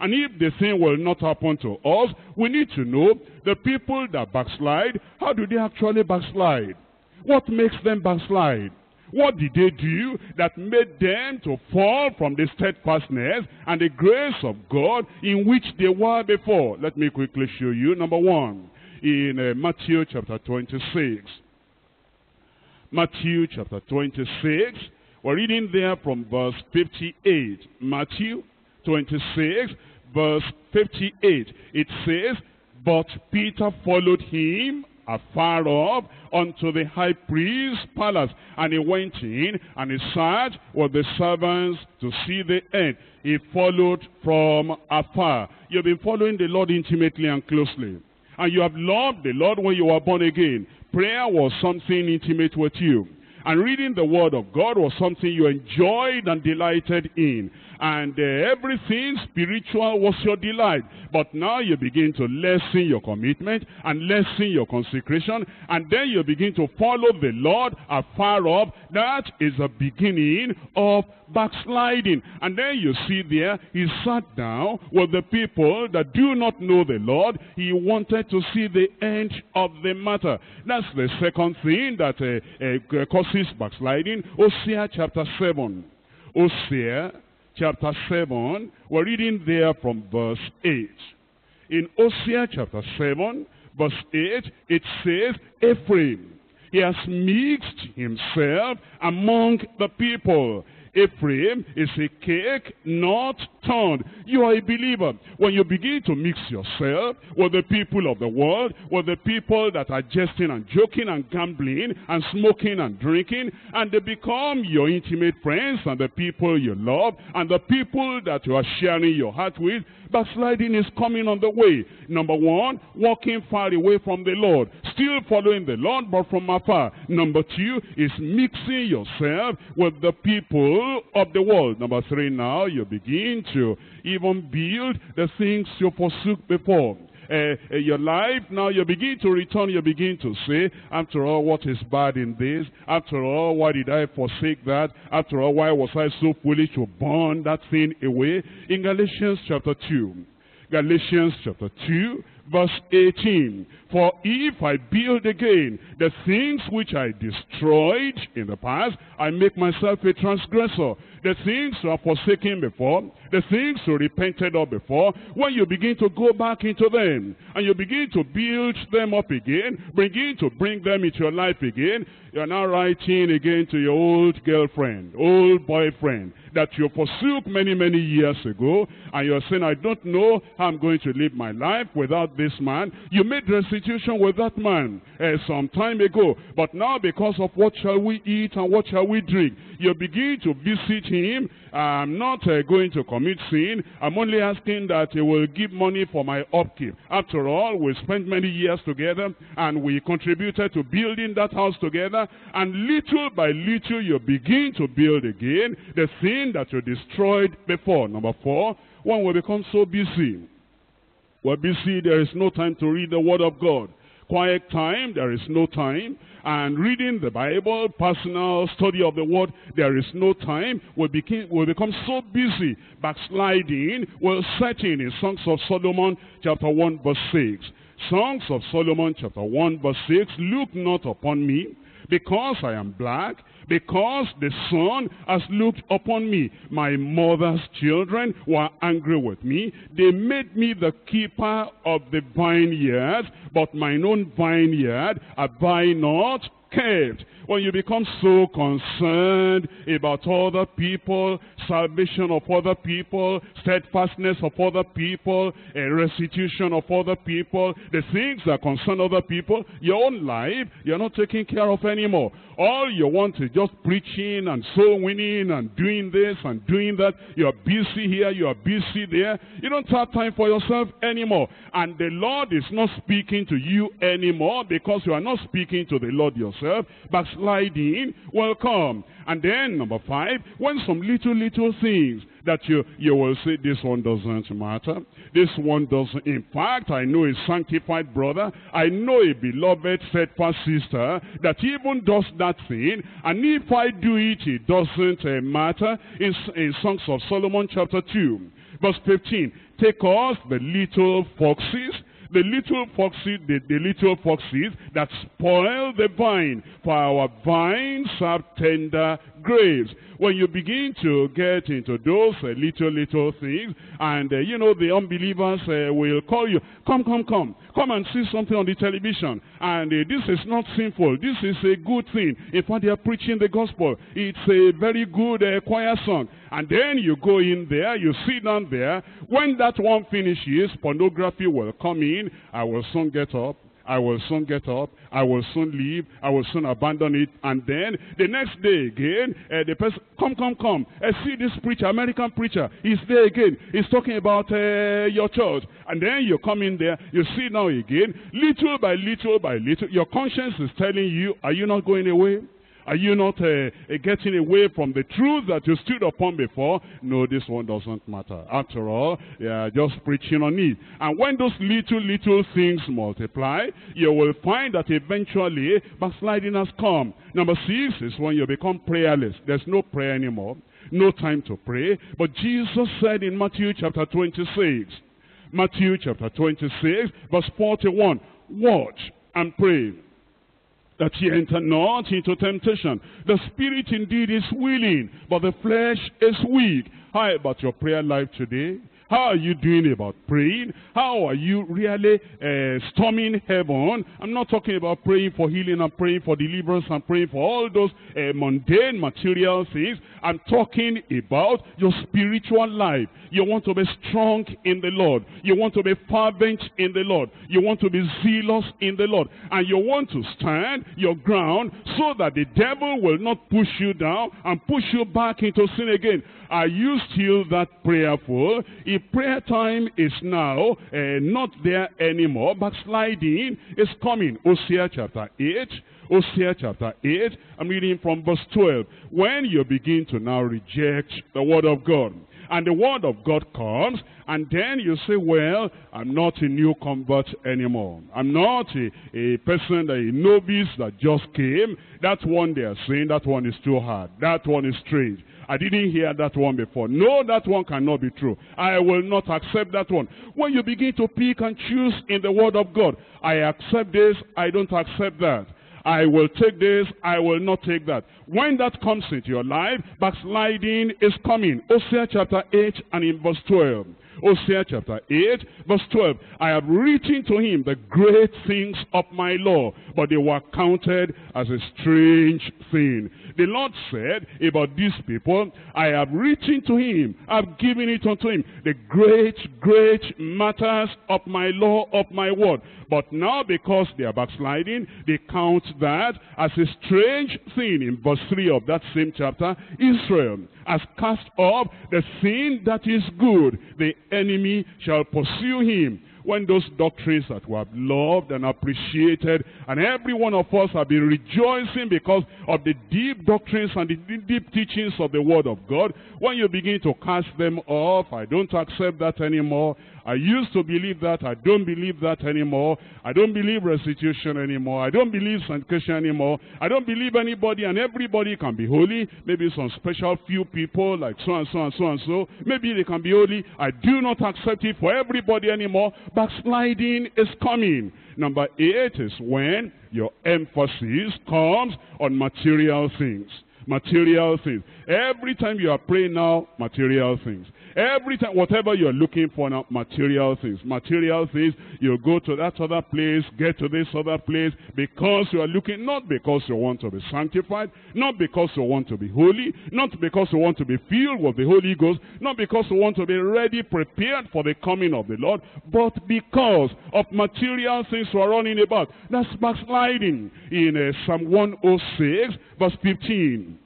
And if the thing will not happen to us, we need to know the people that backslide, how do they actually backslide? What makes them backslide? What did they do that made them to fall from the steadfastness and the grace of God in which they were before? Let me quickly show you. Number one, in uh, Matthew chapter 26. Matthew chapter 26. We're reading there from verse 58. Matthew 26, verse 58. It says, But Peter followed him afar off unto the high priest's palace. And he went in and he sat with the servants to see the end. He followed from afar. You've been following the Lord intimately and closely. And you have loved the Lord when you were born again. Prayer was something intimate with you. And reading the word of God was something you enjoyed and delighted in. And uh, everything spiritual was your delight. But now you begin to lessen your commitment and lessen your consecration. And then you begin to follow the Lord afar off. That is the beginning of backsliding. And then you see there, he sat down with the people that do not know the Lord. He wanted to see the end of the matter. That's the second thing that uh, uh, causes sees backsliding. Hosea chapter 7. Hosea chapter 7. We're reading there from verse 8. In Hosea chapter 7, verse 8, it says, Ephraim, he has mixed himself among the people Ephraim is a cake not turned. You are a believer. When you begin to mix yourself with the people of the world, with the people that are jesting and joking and gambling and smoking and drinking, and they become your intimate friends and the people you love and the people that you are sharing your heart with, backsliding is coming on the way. Number one, walking far away from the Lord, still following the Lord but from afar. Number two is mixing yourself with the people people of the world. Number three, now you begin to even build the things you forsook before. Uh, uh, your life. Now you begin to return, you begin to say, after all, what is bad in this? After all, why did I forsake that? After all, why was I so foolish to burn that thing away? In Galatians chapter 2, Galatians chapter 2, verse 18, For if I build again the things which I destroyed in the past, I make myself a transgressor. The things that are forsaken before, the things you repented of before, when you begin to go back into them and you begin to build them up again, begin to bring them into your life again, you're now writing again to your old girlfriend, old boyfriend that you forsook many, many years ago and you're saying, I don't know how I'm going to live my life without this man. You made restitution with that man uh, some time ago, but now because of what shall we eat and what shall we drink, you begin to visit him. I'm not uh, going to commit commit sin. I'm only asking that he will give money for my upkeep. After all, we spent many years together and we contributed to building that house together. And little by little, you begin to build again the sin that you destroyed before. Number four, when we become so busy. We're busy, there is no time to read the Word of God quiet time, there is no time. And reading the Bible, personal study of the Word, there is no time. We, became, we become so busy backsliding. We're setting in Songs of Solomon chapter 1 verse 6. Songs of Solomon chapter 1 verse 6, Look not upon me, because I am black, because the sun has looked upon me. My mother's children were angry with me. They made me the keeper of the vineyard, but mine own vineyard have I not kept. When you become so concerned about other people, salvation of other people, steadfastness of other people, restitution of other people, the things that concern other people, your own life, you're not taking care of anymore. All you want is just preaching and soul winning and doing this and doing that. You're busy here, you're busy there. You don't have time for yourself anymore. And the Lord is not speaking to you anymore because you are not speaking to the Lord yourself. But backsliding will come. And then, number five, when some little, little things that you, you will say, this one doesn't matter. This one doesn't. In fact, I know a sanctified brother. I know a beloved steadfast sister that even does that thing. And if I do it, it doesn't uh, matter. In, in Songs of Solomon chapter 2, verse 15, take off the little foxes the little foxes, the, the little foxes that spoil the vine, for our vines are tender grace. When you begin to get into those uh, little, little things, and uh, you know, the unbelievers uh, will call you, come, come, come, come and see something on the television. And uh, this is not sinful. This is a good thing. In fact, they are preaching the gospel. It's a very good uh, choir song. And then you go in there, you sit down there. When that one finishes, pornography will come in. I will soon get up I will soon get up. I will soon leave. I will soon abandon it. And then the next day again, uh, the person, come, come, come. I eh, see this preacher, American preacher. He's there again. He's talking about uh, your church. And then you come in there. You see now again, little by little by little, your conscience is telling you, are you not going away? Are you not uh, getting away from the truth that you stood upon before? No, this one doesn't matter. After all, you are just preaching on it. And when those little, little things multiply, you will find that eventually backsliding has come. Number six is when you become prayerless. There's no prayer anymore. No time to pray. But Jesus said in Matthew chapter 26, Matthew chapter 26, verse 41, Watch and pray that ye enter not into temptation. The spirit indeed is willing, but the flesh is weak. How about your prayer life today? How are you doing about praying? How are you really uh, storming heaven? I'm not talking about praying for healing and praying for deliverance and praying for all those uh, mundane material things. I'm talking about your spiritual life. You want to be strong in the Lord. You want to be fervent in the Lord. You want to be zealous in the Lord. And you want to stand your ground so that the devil will not push you down and push you back into sin again. Are you still that prayerful? If prayer time is now uh, not there anymore, backsliding is coming. Hosea chapter 8, Hosea chapter 8, I'm reading from verse 12. When you begin to now reject the word of God, and the word of God comes, and then you say, well, I'm not a new convert anymore. I'm not a, a person, a novice that just came. That one they are saying, that one is too hard. That one is strange. I didn't hear that one before. No, that one cannot be true. I will not accept that one. When you begin to pick and choose in the word of God, I accept this, I don't accept that. I will take this, I will not take that. When that comes into your life, backsliding is coming. Hosea chapter 8 and in verse 12. Hosea chapter 8, verse 12. I have written to him the great things of my law, but they were counted as a strange thing. The Lord said about these people, I have written to him, I've given it unto him, the great, great matters of my law, of my word. But now because they are backsliding, they count that as a strange thing in verse 3 of that same chapter, Israel has cast off the sin that is good, the enemy shall pursue him. When those doctrines that we have loved and appreciated, and every one of us have been rejoicing because of the deep doctrines and the deep teachings of the Word of God, when you begin to cast them off, I don't accept that anymore, I used to believe that. I don't believe that anymore. I don't believe restitution anymore. I don't believe sanctification anymore. I don't believe anybody and everybody can be holy. Maybe some special few people like so and so and so and so. Maybe they can be holy. I do not accept it for everybody anymore. Backsliding is coming. Number eight is when your emphasis comes on material things material things. Every time you are praying now, material things. Every time, whatever you're looking for now, material things. Material things, you go to that other place, get to this other place, because you are looking, not because you want to be sanctified, not because you want to be holy, not because you want to be filled with the Holy Ghost, not because you want to be ready, prepared for the coming of the Lord, but because of material things you are running about. That's backsliding in uh, Psalm 106, verse 15.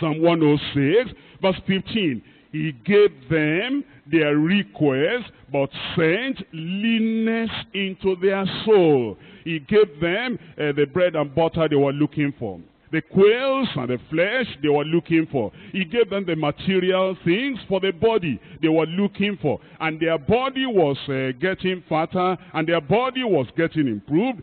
Psalm 106, verse 15. He gave them their request, but sent leanness into their soul. He gave them uh, the bread and butter they were looking for. The quails and the flesh they were looking for. He gave them the material things for the body they were looking for. And their body was uh, getting fatter and their body was getting improved.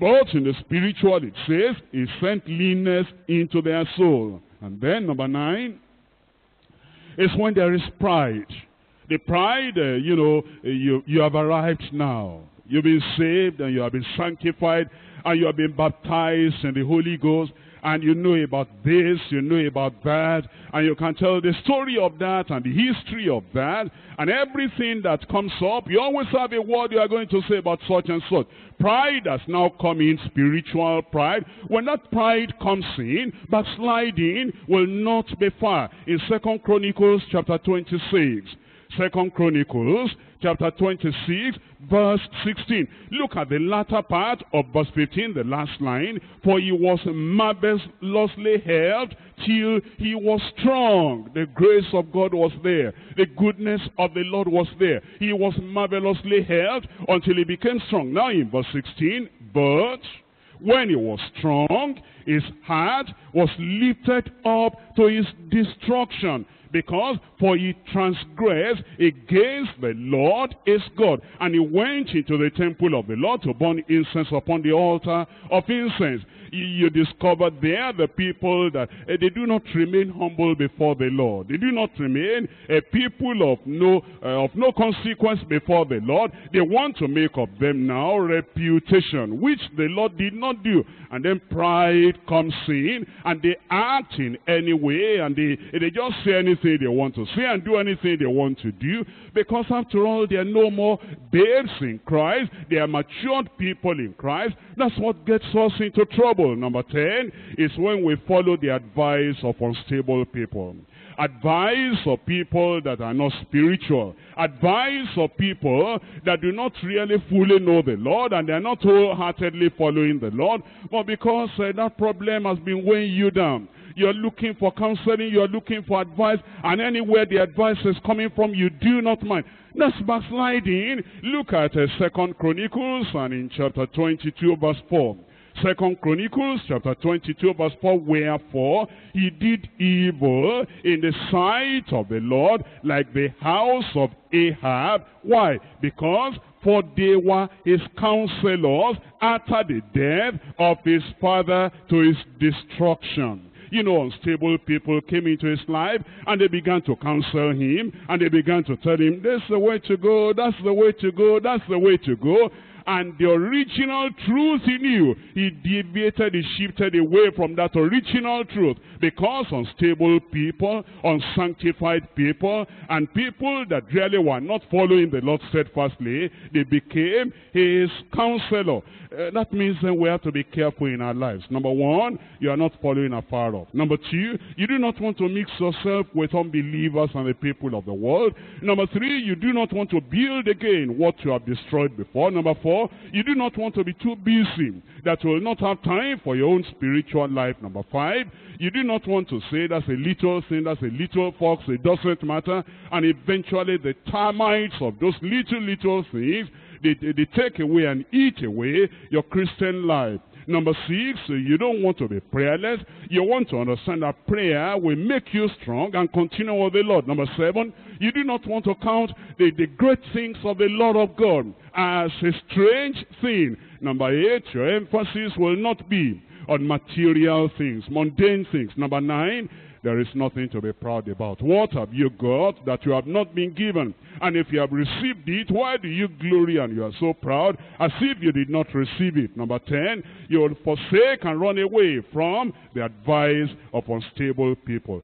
But in the spiritual it says, he sent leanness into their soul. And then number nine, is when there is pride. The pride, uh, you know, you, you have arrived now. You've been saved and you have been sanctified and you have been baptized in the Holy Ghost and you know about this, you know about that, and you can tell the story of that and the history of that, and everything that comes up, you always have a word you are going to say about such and such. Pride has now come in, spiritual pride. When that pride comes in, backsliding will not be far. In Second Chronicles chapter 26, Second Chronicles chapter 26 verse 16. Look at the latter part of verse 15, the last line. For he was marvelously held till he was strong. The grace of God was there. The goodness of the Lord was there. He was marvelously held until he became strong. Now in verse 16, but when he was strong, his heart was lifted up to his destruction because for he transgressed against the Lord his God. And he went into the temple of the Lord to burn incense upon the altar of incense. You discover there the people that eh, they do not remain humble before the Lord. They do not remain a people of no, uh, of no consequence before the Lord. They want to make of them now reputation, which the Lord did not do. And then pride comes in and they act in any way and they, they just say anything they want to say and do anything they want to do because after all they are no more babes in Christ they are matured people in Christ that's what gets us into trouble number 10 is when we follow the advice of unstable people Advice for people that are not spiritual. Advice for people that do not really fully know the Lord and they're not wholeheartedly following the Lord. But because uh, that problem has been weighing you down, you're looking for counseling, you're looking for advice, and anywhere the advice is coming from, you do not mind. That's backsliding. Look at uh, Second Chronicles and in chapter 22, verse 4. Second Chronicles chapter 22 verse 4, Wherefore he did evil in the sight of the Lord like the house of Ahab. Why? Because for they were his counselors after the death of his father to his destruction you know, unstable people came into his life and they began to counsel him and they began to tell him, this is the way to go, that's the way to go, that's the way to go and the original truth he knew, he deviated, he shifted away from that original truth because unstable people, unsanctified people, and people that really were not following the Lord steadfastly, they became his counselor. Uh, that means then we have to be careful in our lives. Number one, you are not following afar off. Number two, you do not want to mix yourself with unbelievers and the people of the world. Number three, you do not want to build again what you have destroyed before. Number four, Therefore, you do not want to be too busy that you will not have time for your own spiritual life. Number five, you do not want to say that's a little thing, that's a little fox, it doesn't matter. And eventually the termites of those little, little things, they, they, they take away and eat away your Christian life. Number six, you don't want to be prayerless. You want to understand that prayer will make you strong and continue with the Lord. Number seven, you do not want to count the, the great things of the Lord of God as a strange thing. Number eight, your emphasis will not be on material things, mundane things. Number nine, there is nothing to be proud about. What have you got that you have not been given? And if you have received it, why do you glory and you are so proud as if you did not receive it? Number 10, you will forsake and run away from the advice of unstable people.